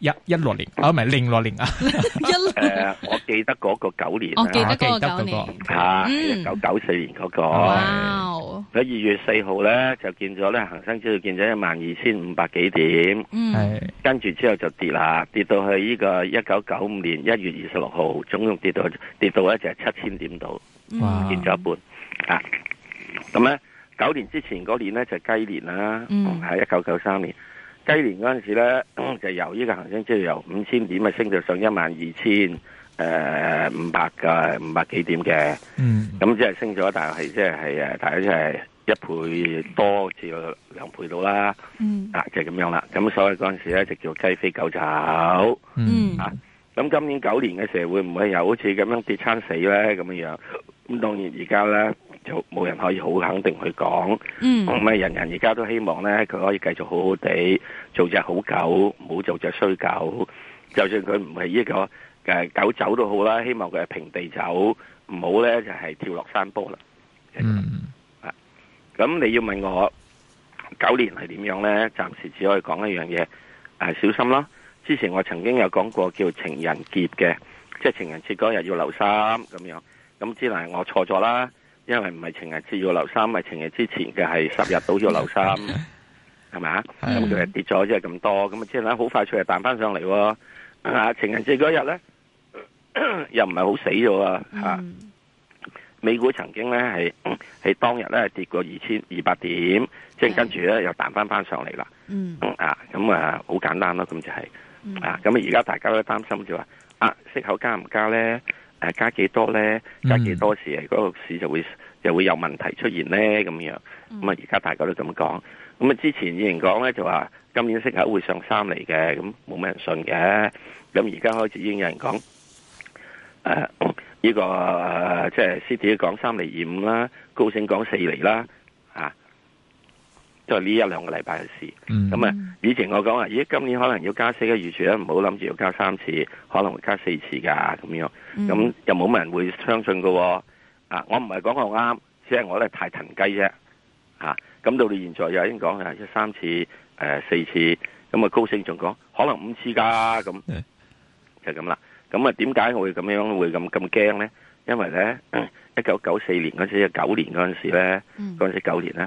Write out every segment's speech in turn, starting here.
一一六年啊，唔、哦、唔係零六年啊，一 誒、 呃，我記得嗰個九年，我記得嗰個九年吓，一九九四年嗰、那個。哇！喺二月四號咧，就見咗咧，恆生指數見咗一萬二千五百幾點，嗯，跟住之後就跌啦，跌到去呢個一九九五年一月二十六號，總共跌到跌到咧就係七千點度，哇，跌咗一半啊！咁咧，九年之前嗰年咧就雞年啦，係一九九三年。雞年嗰陣時咧，就由呢個恒生，即係由五千點就升到上一萬二千誒五百嘅五百幾點嘅，咁即係升咗，但係即係係誒，大家即係一倍多至兩倍到啦、嗯，啊，就咁、是、樣啦。咁所以嗰陣時咧就叫雞飛狗走、嗯，啊，咁今年狗年嘅時候會唔會又好似咁樣跌撐死咧咁樣樣，咁當然而家咧。冇人可以好肯定去講，咁咪人人而家都希望咧，佢可以繼續好好地做隻好狗，唔好做隻衰狗。就算佢唔係呢個誒狗走都好啦，希望佢係平地走，唔好咧就係跳落山坡啦。嗯，咁你要問我狗年係點樣咧？暫時只可以講一樣嘢，誒、啊、小心囉。之前我曾經有講過叫情人劫嘅，即係情人節嗰日要留心咁樣，咁只能係我錯咗啦。因為唔係情人節要留心，咪情人節之前嘅係十日都要留心，係 咪、嗯嗯就是嗯、啊？咁佢係跌咗即係咁多，咁啊即係咧好快脆就彈翻上嚟喎。啊情人節嗰日咧又唔係好死咗啊、嗯！美股曾經咧係係當日咧跌過二千二百點，即係跟住咧又彈翻翻上嚟啦、嗯嗯。啊，咁啊好簡單咯，咁就係、是嗯、啊。咁啊而家大家都擔心就話啊息口加唔加咧？誒，加幾多咧？加幾多時，嗰個市就會就會有問題出現咧，咁樣。咁啊，而家大家都咁講。咁啊，之前已經講咧，就話今年息口會上三厘嘅，咁冇咩人信嘅。咁而家開始已經有人講，誒、呃、呢、這個即係 Citi 講三厘二五啦，高盛講四厘啦，啊。就呢一兩個禮拜嘅事，咁、嗯、啊，以前我講話，咦，今年可能要加四嘅預兆咧，唔好諗住要加三次，可能會加四次噶咁樣，咁又冇乜人會相信嘅喎、就是。啊，我唔係講我啱，只係我咧太騰雞啫。嚇，咁到你現在又已經講一三次、誒、呃、四次，咁啊高盛仲講可能五次噶，咁、嗯、就咁啦。咁啊點解我會咁樣會咁咁驚咧？因為咧，一九九四年嗰陣時，九年嗰陣時咧，嗰陣時九年咧。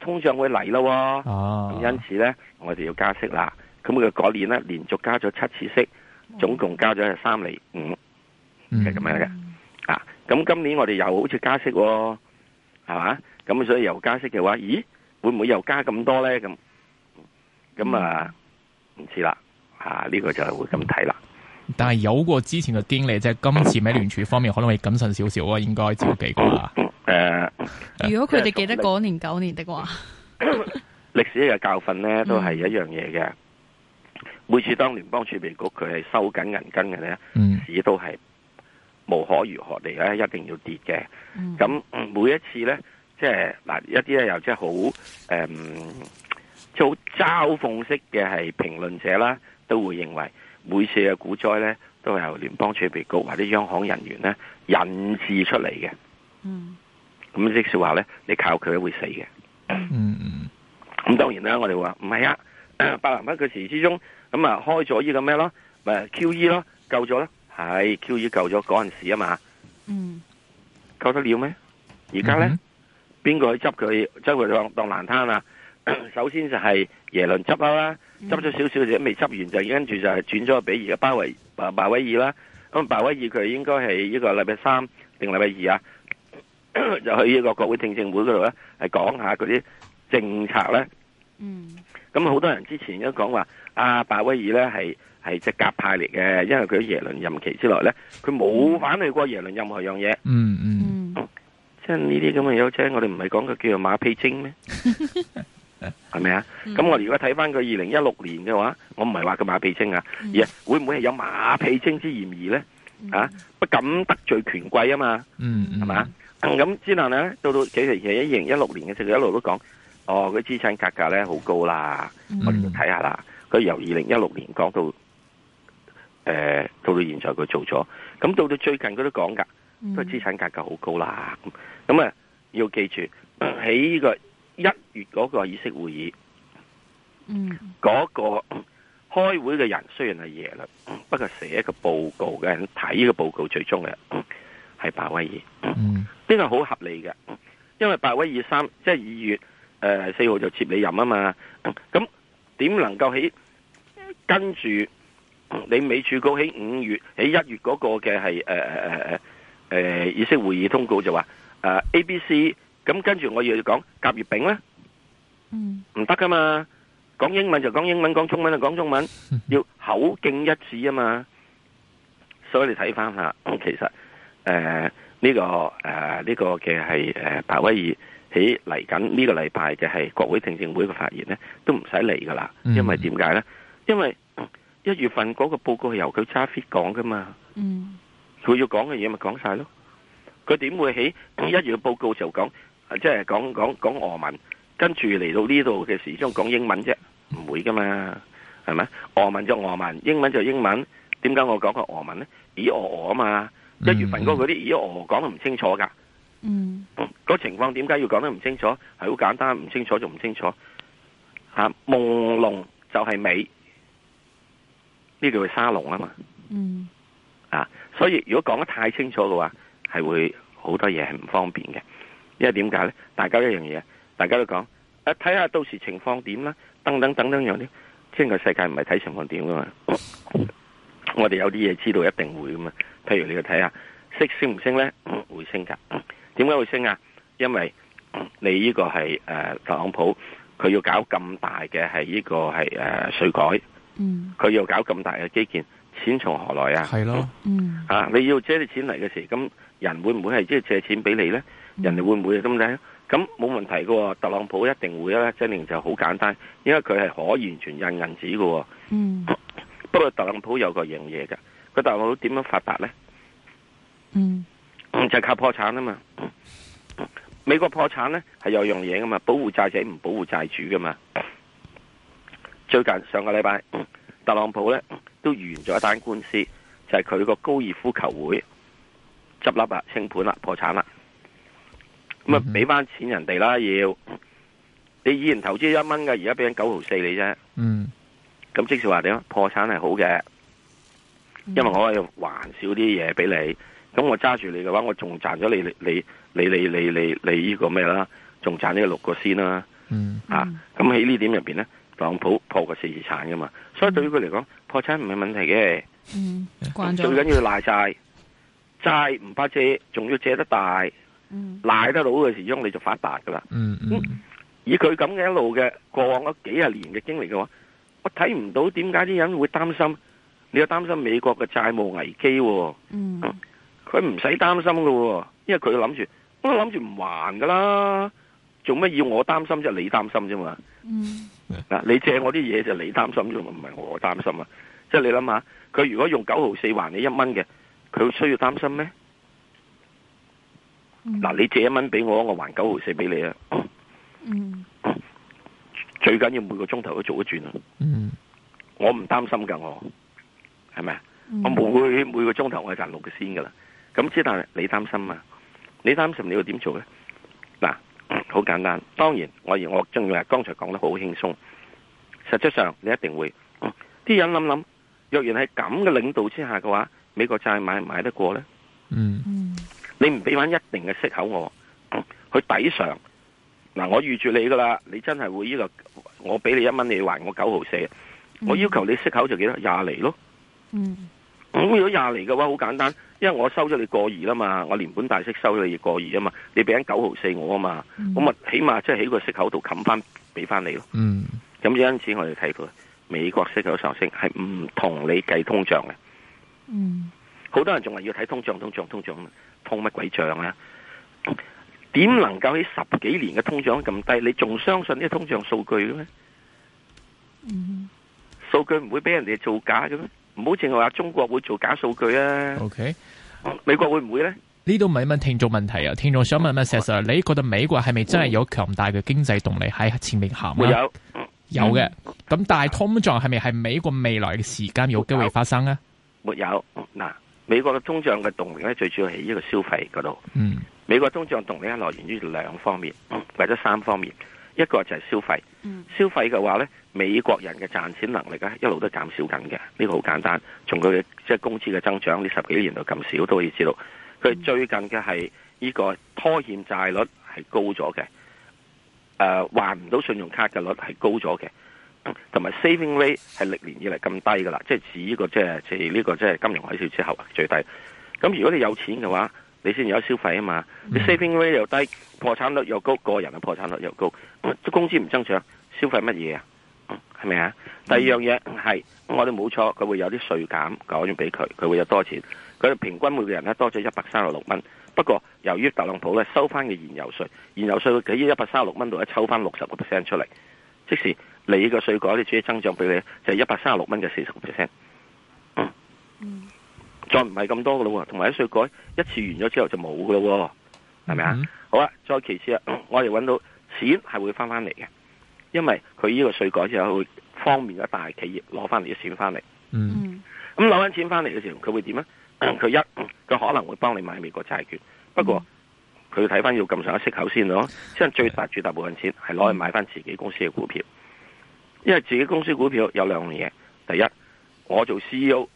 通常會嚟咯，咁因此咧，我哋要加息啦。咁佢嗰年咧連續加咗七次息，總共加咗係三厘五，係咁樣嘅。啊，咁今年我哋又好似加息、哦，係嘛？咁所以又加息嘅話，咦，會唔會又加咁多咧？咁咁啊，唔知啦。吓、啊，呢個就係會咁睇啦。但係有過之前嘅經歷，即、就、係、是、今次美聯儲方面可能會謹慎少少啊，應該知道幾個啦。誒、呃嗯，如果佢哋記得嗰年九、呃、年嘅話，歷 史嘅教訓咧都係一樣嘢嘅。每次當聯邦儲備局佢係收緊銀根嘅咧、嗯，市都係無可如何地咧，一定要跌嘅。咁、嗯、每一次咧，即係嗱一啲咧又即係好誒，做、嗯、嘲諷式嘅係評論者啦，都會認為。每次嘅股災咧，都係由聯邦儲備局或者央行人員咧引致出嚟嘅。嗯，咁即是話咧，你靠佢會死嘅。嗯嗯，咁當然啦，我哋話唔係啊，百零蚊佢時之中，咁、嗯、啊開咗依個咩咯，咪 QE 咯，救咗啦，係 QE 救咗嗰陣時啊嘛。嗯，救得了咩？而家咧，邊、嗯、個去執佢？執佢話當爛攤啊！首先就係耶倫執包袱啦，執咗少少就未執完就跟住就係轉咗俾而家鮑維鮑鮑威爾啦。咁鮑威爾佢應該係呢個禮拜三定禮拜二啊，就去呢個國會聽證會嗰度咧，係講下嗰啲政策咧。嗯。咁好多人之前都講話阿鮑威爾咧係係隻鴿派嚟嘅，因為佢喺耶倫任期之內咧，佢冇反對過耶倫任何樣嘢。嗯嗯。即係呢啲咁嘅嘢，我哋唔係講佢叫做馬屁精咩？係咪？啊？咁、嗯、我如果睇翻佢二零一六年嘅話，我唔係話佢馬屁精啊，嗯、而會唔會係有馬屁精之嫌疑咧、嗯？啊，不敢得罪權貴啊嘛，係、嗯、嘛？咁之後咧，到到幾時其實二零一六年嘅時佢一路都講，哦，佢資產價格咧好高啦，嗯、我哋都睇下啦。佢由二零一六年講到，誒、呃，到到現在佢做咗，咁到到最近佢都講噶，都、嗯、係資產價格好高啦。咁咁啊，要記住喺呢、個。一月嗰個議息會議，嗯，嗰、那個開會嘅人雖然係夜啦，不過寫個報告嘅人睇呢個報告最終嘅係鮑威爾，嗯，呢個好合理嘅，因為鮑威爾三即係二月誒四號就接你任啊嘛，咁點能夠喺跟住你美處高起五月喺一月嗰個嘅係誒誒誒誒誒議息會議通告就話誒 A B C。呃 ABC, 咁跟住我又要講甲乙丙咧，唔得噶嘛！講英文就講英文，講中文就講中文，要口徑一致啊嘛！所以你睇翻下，其實誒呢個誒呢個嘅係誒鮑威爾喺嚟緊呢個禮拜嘅係國會聽證會嘅發言咧，都唔使嚟噶啦，因為點解咧？因為一月份嗰個報告係由佢揸 fit 講噶嘛，佢要講嘅嘢咪講晒咯，佢點會喺一月嘅報告就講？即係講講講俄文，跟住嚟到呢度嘅始終講英文啫，唔會噶嘛，係咪？俄文就俄文，英文就英文。點解我講個俄文咧？咦，俄啊嘛，一月份嗰嗰啲咦，以俄講得唔清楚噶。嗯，嗰、嗯那個、情況，點解要講得唔清楚？係好簡單，唔清楚就唔清楚。吓、啊，朦朧就係美，呢叫做沙龍啊嘛。嗯。啊，所以如果講得太清楚嘅話，係會好多嘢係唔方便嘅。因為點解咧？大家一樣嘢，大家都講，誒、啊，睇下到時情況點啦，等等等等樣啲，整個世界唔係睇情況點噶嘛？我哋有啲嘢知道一定會噶嘛？譬如你去睇下，息升不升唔升咧？會升噶，點解會升啊？因為你呢個係誒特朗普，佢要搞咁大嘅係呢個係誒稅改，嗯，佢要搞咁大嘅基建，錢從何來啊？係咯，嗯，啊，你要借啲錢嚟嘅時候，咁人會唔會係即係借錢俾你咧？人哋會唔會咁樣？咁冇問題嘅，特朗普一定會咧。真定就好簡單，因為佢係可完全印銀紙嘅。不過特朗普有個樣嘢嘅，佢特朗普點樣發達呢、嗯、就就係、靠破產啊嘛。美國破產呢係有樣嘢噶嘛，保護債仔唔保護債主噶嘛。最近上個禮拜，特朗普呢都完咗一單官司，就係佢個高爾夫球會執笠啦、清盤啦、破產啦。咁啊，俾翻錢人哋啦，要、嗯、你以前投資一蚊嘅，而家俾緊九毫四你啫。嗯，咁即係話點啊？破產係好嘅、嗯，因為我可以還少啲嘢俾你。咁我揸住你嘅話，我仲賺咗你你你你你你你你呢個咩啦？仲賺咗六個先啦、啊。嗯，啊，咁喺呢點入邊咧，特朗普破個四次產噶嘛，所以對於佢嚟講，破產唔係問題嘅。嗯，慣咗最緊要賴債，債唔怕借，仲要借得大。賴得到嘅時鐘你就發達噶啦。咁、嗯嗯、以佢咁嘅一路嘅過往嗰幾廿年嘅經歷嘅話，我睇唔到點解啲人會擔心。你又擔心美國嘅債務危機，啊？嗯，佢唔使擔心嘅，啊，因為佢諗住，我諗住唔還噶啦。做咩要我擔心即係？就是，你擔心啫嘛？嗯，嗱，你借我啲嘢就你擔心啫嘛，唔係我擔心啊。即係你諗下，佢如果用九毫四還你一蚊嘅，佢需要擔心咩？嗱、嗯，你借一蚊俾我，我還九毫四俾你啊！嗯，最緊要每個鐘頭都做一轉啊！嗯，我唔擔心噶、嗯，我係咪啊？我每每個鐘頭我賺六個先噶啦，咁之但係你擔心嘛？你擔心你要點做咧？嗱、嗯，好簡單，當然我而我正要係剛才講得好輕鬆，實質上你一定會啲、嗯、人諗諗，若然係咁嘅領導之下嘅話，美國債買唔買得過咧？嗯。你唔俾翻一定嘅息口，我、嗯、去抵償。嗱、啊，我預住你噶啦，你真係會呢、呢個，我俾你一蚊，你要還我九毫四。我要求你息口就幾多，廿厘咯。嗯。咁如果廿厘嘅話，好簡單，因為我收咗你過二啦嘛，我連本帶息收咗你過二啊嘛，你俾緊九毫四我啊嘛，咁、嗯、啊起碼即係喺個息口度冚翻俾翻你咯。嗯。咁因此我哋睇佢美國息口上升係唔同你計通脹嘅。嗯。好多人仲係要睇通脹，通脹，通脹，通乜鬼脹咧、啊？點能夠喺十幾年嘅通脹咁低？你仲相信呢啲通脹數據嘅咩？數據唔會俾人哋造假嘅咩？唔好淨係話中國會造假數據啊！O、okay. K，美國會唔會咧？呢度唔係問聽眾問題啊！聽眾想問乜嘢，Sir？你覺得美國係咪真係有強大嘅經濟動力喺前面行啊？有，有嘅。咁、嗯、但係通脹係咪係美國未來嘅時間有機會發生咧？沒有，嗱。美國嘅通脹嘅動力咧，最主要係呢個消費嗰度。美國的通脹動力咧，來源於兩方面，或者三方面。一個就係消費，嗯，消費嘅話咧，美國人嘅賺錢能力咧，一路都減少緊嘅。呢、這個好簡單，從佢嘅即係工資嘅增長，呢十幾年嚟咁少都可以知道。佢最近嘅係呢個拖欠債率係高咗嘅，誒、呃，還唔到信用卡嘅率係高咗嘅。同埋 saving rate 係歷年以嚟咁低噶啦，即係指呢個即係即係呢個即係金融海嘯之後最低。咁如果你有錢嘅話，你先有得消費啊嘛。你 saving rate 又低，破產率又高，個人嘅破產率又高，咁工資唔增長，消費乜嘢啊？係咪啊？第二樣嘢係我哋冇錯，佢會有啲稅減搞咗俾佢，佢會有多錢。佢平均每個人呢多咗一百三十六蚊。不過由於特朗普呢收翻嘅燃油稅，燃油稅喺一百三十六蚊度一抽翻六十個 percent 出嚟，即時。你個稅改你自己增長俾你，就係一百三十六蚊嘅四十 percent，再唔係咁多噶咯，同埋啲稅改一次完咗之後就冇噶咯，係咪啊？好啦，啊，再其次啊，嗯，我哋揾到錢係會翻翻嚟嘅，因為佢呢個稅改之後會方便咗大企業攞翻嚟啲錢翻嚟，咁攞翻錢翻嚟嘅時候佢會點啊？佢，嗯，一佢，嗯，可能會幫你買美國債券，不過佢睇翻要咁上一息口先咯，即係最大最大部分錢係攞去買翻自己公司嘅股票。因為自己公司股票有兩樣嘢，第一，我做 CEO，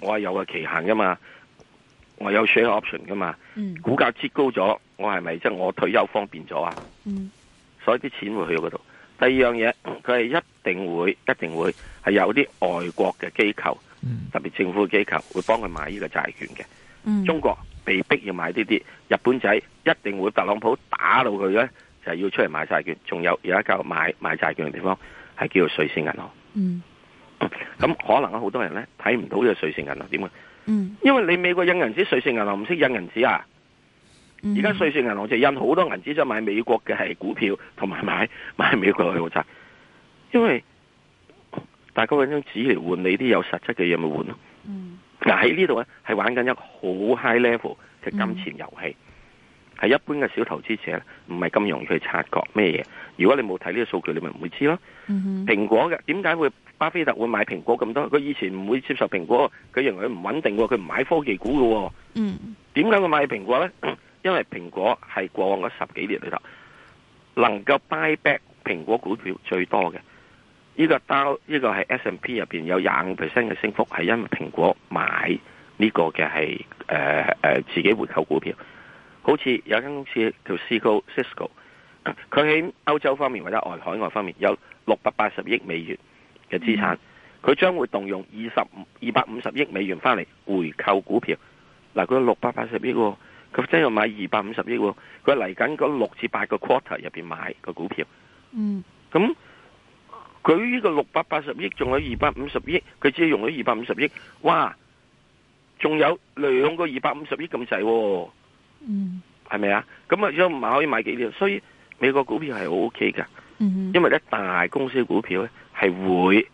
我係有個期限噶嘛，我有 share option 噶嘛，嗯、股價接高咗，我係咪即係我退休方便咗啊、嗯？所以啲錢會去到嗰度。第二樣嘢，佢係一定會，一定會係有啲外國嘅機構，嗯、特別政府嘅機構會幫佢買呢個債券嘅、嗯。中國被逼要買呢啲，日本仔一定會特朗普打到佢咧，就係要出嚟買債券。仲有有一個買買債券嘅地方。係叫做瑞士銀行，嗯。嗯，咁可能好多人咧睇唔到士銀呢個瑞士銀行點啊？嗯，因為你美國印銀紙，瑞士銀行唔識印銀紙啊。而、嗯、家瑞士銀行就印好多銀紙，就買美國嘅係股票，同埋買買美國嘅國債。因為大家用張紙嚟換你啲有實質嘅嘢咪換咯？嗱、嗯、喺呢度咧係玩緊一個好 high level 嘅金錢遊戲，係、嗯、一般嘅小投資者咧。唔係咁容易去察覺咩嘢？如果你冇睇呢個數據，你咪唔會知咯。蘋、mm -hmm. 果嘅點解會巴菲特會買蘋果咁多？佢以前唔會接受蘋果，佢認為佢唔穩定，佢唔買科技股嘅。點解佢買蘋果呢？因為蘋果係過往嗰十幾年裏頭能夠 buy back 蘋果股票最多嘅。呢、這個 Dow 呢個係 S&P 入邊有廿五 percent 嘅升幅，係因為蘋果買呢個嘅係誒誒自己回購股票。好似有間公司叫 Cisco，佢喺歐洲方面或者外海外方面有六百八十億美元嘅資產，佢、嗯、將會動用二十二百五十億美元翻嚟回購股票。嗱、哦，佢六百八十億，佢真係要買二百五十億，佢嚟緊嗰六至八個 quarter 入邊買個股票。嗯，咁佢呢個六百八十億仲有二百五十億，佢只用咗二百五十億，哇，仲有兩個二百五十億咁滯。嗯，係咪啊？咁啊，如果唔係可以買幾條？所以美國股票係好 OK 噶、嗯，因為咧大公司嘅股票咧係會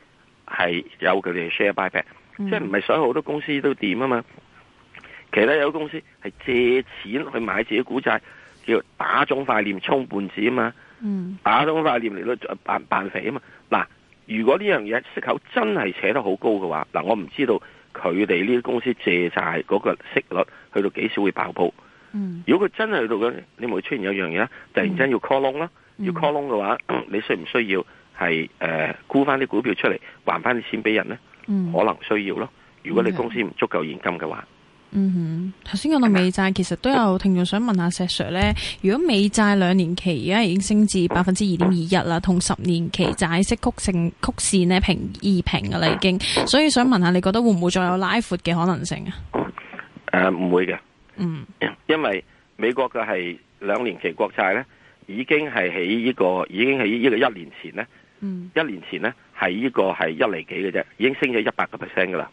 係有佢哋 share buy back、嗯、即係唔係所有好多公司都點啊嘛？其實有啲公司係借錢去買自己股債，叫打腫塊臉充胖子啊嘛，嗯，打腫塊臉嚟到扮扮肥啊嘛。嗱，如果呢樣嘢息口真係扯得好高嘅話，嗱，我唔知道佢哋呢啲公司借債嗰個息率去到幾少會爆煲。如果佢真係去到咁，你咪出現一樣嘢啦。突然間要 call 窿啦、嗯，要 call 窿嘅話、嗯，你需唔需要係誒、呃、沽翻啲股票出嚟還翻啲錢俾人呢、嗯？可能需要咯。如果你公司唔足夠現金嘅話，嗯哼，頭先講到美債，其實都有聽眾想問下石 Sir 呢：如果美債兩年期而家已經升至百分之二點二一啦，同十年期債息曲線曲線平二平噶啦，已經平平，所以想問下你覺得會唔會再有拉闊嘅可能性啊？誒、呃，唔會嘅。嗯，因為美國嘅係兩年期國債咧，已經係喺呢個，已經喺呢個一年前咧、嗯，一年前咧，係呢個係一厘幾嘅啫，已經升咗一百個 percent 噶啦。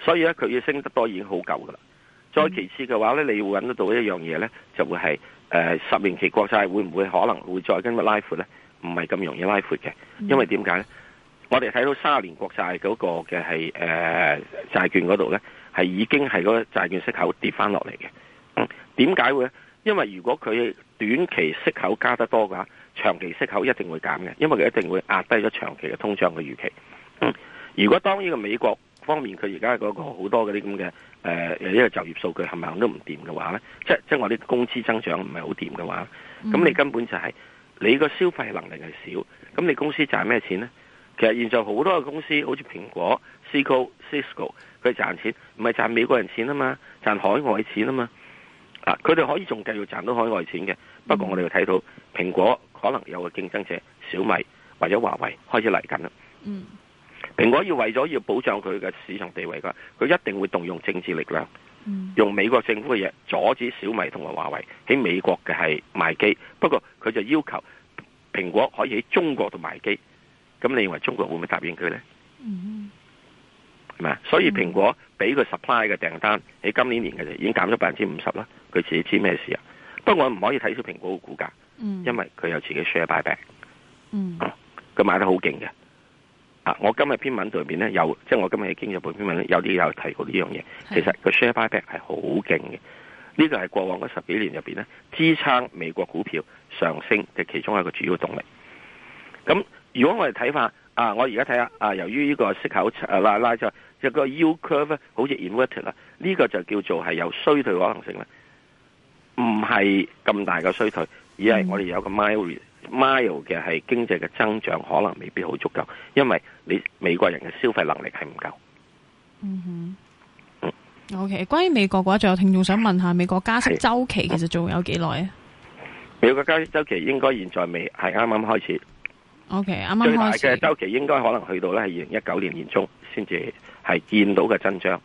所以咧，佢要升得多已經好舊噶啦。再其次嘅話咧，你會揾得到一樣嘢咧，就會係誒、呃、十年期國債會唔會可能會再跟拉闊咧？唔係咁容易拉闊嘅，因為點解咧？我哋睇到卅年國債嗰個嘅係誒債券嗰度咧。係已經係個債券息口跌翻落嚟嘅，點解會呢？因為如果佢短期息口加得多嘅話，長期息口一定會減嘅，因為佢一定會壓低咗長期嘅通脹嘅預期，嗯。嗯、如果當呢個美國方面佢而家嗰個好多嗰啲咁嘅誒誒呢個就業數據冚唪唥，都唔掂嘅話咧，即係即係我啲工資增長唔係好掂嘅話，嗯，咁你根本就係你個消費能力係少，咁你公司賺咩錢咧？其實現在好多嘅公司，好似蘋果、Cisco, Cisco、Cisco，佢賺錢唔係賺美國人錢啊嘛，賺海外錢啊嘛。啊，佢哋可以仲繼續賺到海外錢嘅。不過我哋會睇到蘋果可能有個競爭者，小米或者華為開始嚟緊啦。嗯。蘋果要為咗要保障佢嘅市場地位嘅，佢一定會動用政治力量，用美國政府嘅嘢阻止小米同埋華為喺美國嘅係賣機。不過佢就要求蘋果可以喺中國度賣機。咁你認為中國會唔會答應佢咧？係咪啊？所以蘋果俾佢 supply 嘅訂單喺、mm -hmm. 今年年嘅就已經減咗百分之五十啦。佢自己知咩事啊？不過我唔可以睇少蘋果嘅股價，mm -hmm. 因為佢有自己 share buy back，佢、mm -hmm. 啊、買得好勁嘅。啊，我今日篇文入邊咧，有即係、就是、我今日喺經濟日報篇文有啲有提過呢樣嘢。其實個 share buy back 係好勁嘅，呢個係過往嗰十幾年入邊咧支撐美國股票上升嘅其中一個主要動力。咁如果我哋睇翻啊，我而家睇下啊，由於呢個息口、啊、拉拉就個 U curve 好似 inverted 啦，呢個就叫做係有衰退嘅可能性啦，唔係咁大嘅衰退，而係我哋有個 mild、嗯、mild 嘅係經濟嘅增長可能未必好足夠，因為你美國人嘅消費能力係唔夠。嗯哼，嗯，OK，關於美國嘅話，仲有聽眾想問下，美國加息周期其實仲有幾耐啊？美國加息周期應該現在未係啱啱開始。O K，啱啱開始。最大嘅周期應該可能去到咧，係二零一九年年中先至係見到嘅增長。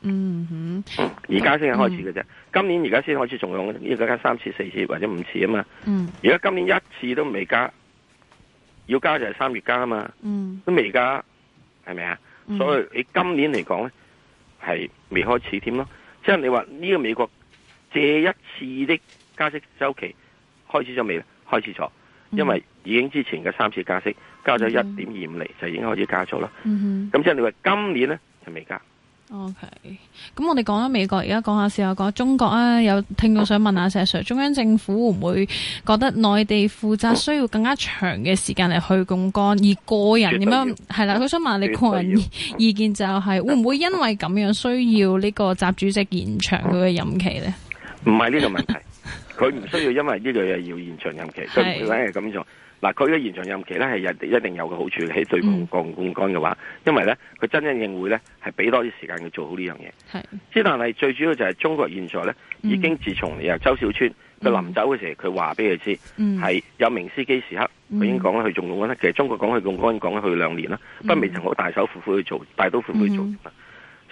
嗯哼，而家先係開始嘅啫、嗯。今年而家先開始，仲用呢要加三次、四次或者五次啊嘛。嗯。如果今年一次都未加，要加就係三月加啊嘛加。嗯。都未加，係咪啊？所以你今年嚟講咧，係、嗯、未開始添咯。即、就、係、是、你話呢個美國呢一次的加息週期開始咗未？開始咗。因為已經之前嘅三次加息，加咗一點二五厘，就已經開始加速啦。咁即係你話今年咧就未加。O K，咁我哋講咗美國，而家講下事後講中國啊，有聽到想問下石 Sir，啊、中央政府會唔會覺得內地負責需要更加長嘅時間嚟去槓桿、嗯？而個人點樣係啦，佢想問你個人意見就係會唔會因為咁樣需要呢個習主席延長佢嘅任期咧？唔係呢個問題。 佢唔需要因為呢類嘢要延長任期，所以佢咧係咁做。嗱，佢嘅延長任期咧係一定有個好處喺對抗槓桿嘅話、嗯，因為咧佢真正應會咧係俾多啲時間去做好呢樣嘢。係，即但係最主要就係中國現在咧已經自從由周小川佢臨走嘅時候，佢話俾佢知係有名司機時刻，佢已經講啦，去做槓桿。其實中國講去槓桿講咗去兩年啦，不未曾好大手闊闊去做，大刀闊斧做、嗯。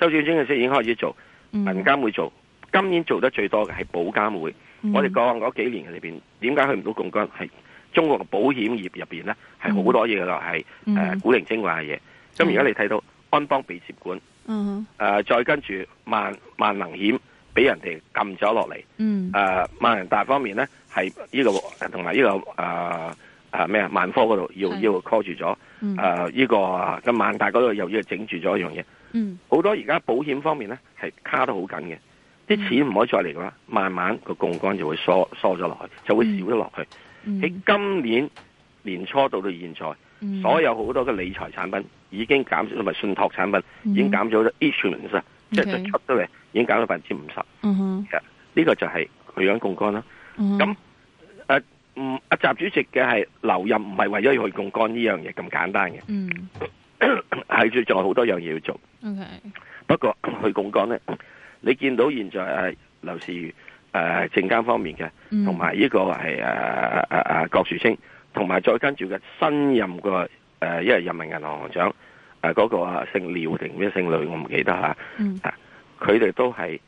周小川嘅時候已經開始做，嗯、民間會做。今年做得最多嘅係保監會、mm，-hmm. 我哋講嗰幾年嘅裏邊，點解去唔到共軍？係中國嘅保險業入邊咧，係好多嘢噶啦，係誒、mm -hmm. 呃、古靈精怪嘅嘢。咁而家你睇到安邦被接管，誒、uh -huh. 呃，再跟住萬萬能險俾人哋撳咗落嚟，誒、mm -hmm. 呃，萬人大方面咧係呢、這個同埋呢個誒誒咩啊？萬科嗰度又要 call 住咗，誒、mm -hmm. 呃，呢、這個咁萬達嗰度又要整住咗一樣嘢，好、mm -hmm. 多而家保險方面咧係卡得好緊嘅。啲、mm -hmm. 錢唔可以再嚟嘅啦，慢慢個槓桿就會疏縮咗落去，就會少咗落去。喺、mm -hmm. 今年年初到到現在，mm -hmm. 所有好多嘅理財產品已經減少，同埋信託產品、mm -hmm. 已經減少咗一成五十，即係就出得嚟已經減咗百分之五十。呢、mm -hmm. yeah, 個就係佢養槓桿啦。咁、mm、誒 -hmm.，嗯、呃，阿、呃、習主席嘅係留任唔係為咗要去槓桿呢樣嘢咁簡單嘅，嗯、mm -hmm.，係要做好多樣嘢要做。Okay. 不過、呃、去槓桿咧。你見到現在係劉士余、誒、呃、證監方面嘅，同埋呢個係誒誒誒郭樹清，同埋再跟住嘅新任個誒，因為人民銀行行長誒嗰、呃那個啊姓廖定咩姓女，我唔記得下、啊、嗯，佢哋都係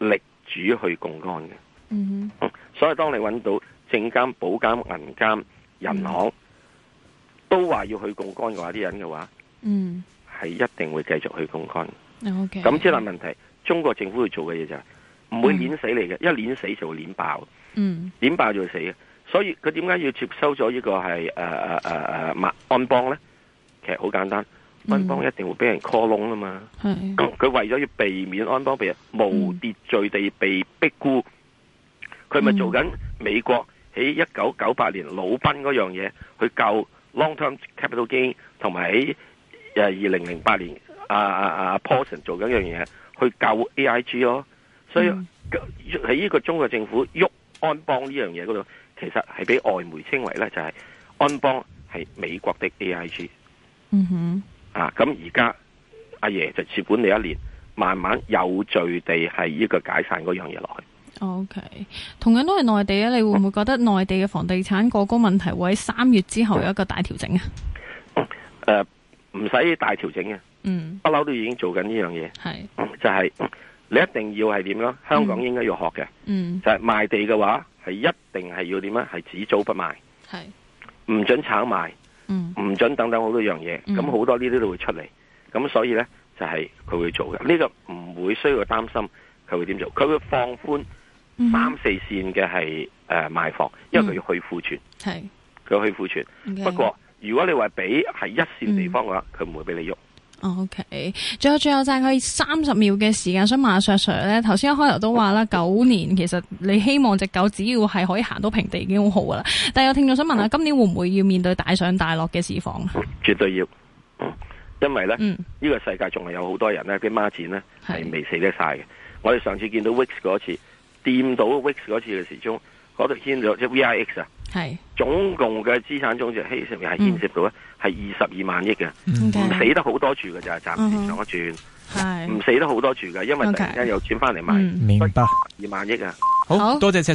力主去槓桿嘅。嗯，所以當你揾到證監、保監、銀監、銀行、嗯、都話要去槓桿嘅話，啲人嘅話，嗯，係一定會繼續去槓桿。咁之類問題，中國政府佢做嘅嘢就係唔會碾死你嘅，嗯，一碾死就會碾爆，碾、嗯、爆就會死嘅。所以佢點解要接收咗呢個係誒誒誒誒麥安邦咧？其實好簡單，安邦一定會俾人 call 窿啊嘛。佢、嗯、為咗要避免安邦被人無秩序地被逼沽，佢、嗯、咪做緊美國喺一九九八年老賓嗰樣嘢去救 long term capital gain，同埋喺誒二零零八年。阿阿阿 Paulson 做緊一樣嘢去救 AIG 咯、哦，所以喺呢、嗯、個中國政府喐安邦呢樣嘢嗰度，其實係俾外媒稱為咧，就係安邦係美國的 AIG。嗯哼，啊，咁而家阿爺就接管你一年，慢慢有序地係呢個解散嗰樣嘢落去。OK，同樣都係內地啊，你會唔會覺得內地嘅房地產過高問題會喺三月之後有一個大調整啊？誒、嗯，唔、嗯、使、呃、大調整嘅。嗯，不嬲都已經做緊呢樣嘢，係就係、是、你一定要係點咯？香港應該要學嘅，嗯，就係、是、賣地嘅話係一定係要點咧？係只租不賣，係唔准炒賣，唔、嗯、准等等好多樣嘢，咁好多呢啲都會出嚟。咁、嗯、所以咧就係、是、佢會做嘅，呢、這個唔會需要擔心佢會點做，佢會放寬三四線嘅係誒賣房，嗯、因為佢要去庫存，係佢要去庫存，不過、okay. 如果你話俾係一線的地方嘅話，佢、嗯、唔會俾你喐。o、okay, k 最後最後就係佢三十秒嘅時間，想問阿 Sir 咧，頭先一開頭都話啦，九、嗯、年其實你希望隻狗只要係可以行到平地已經好好噶啦。但係有聽眾想問下、嗯，今年會唔會要面對大上大落嘅市況？絕對要，嗯、因為咧，呢、嗯這個世界仲係有好多人咧，啲孖展咧係未死得晒嘅。我哋上次見到 VIX 嗰次，掂到 VIX 嗰次嘅時鐘，嗰度先咗隻 VIX 啊，係總共嘅資產總值是到、嗯，黑色係現實到啊。係二十二萬億嘅，唔、okay. 死得好多處嘅就係暫時上一轉係唔、uh -huh. 死得好多處嘅，因為突然間又轉翻嚟賣，明白，二百二萬億啊、okay.！好多謝石。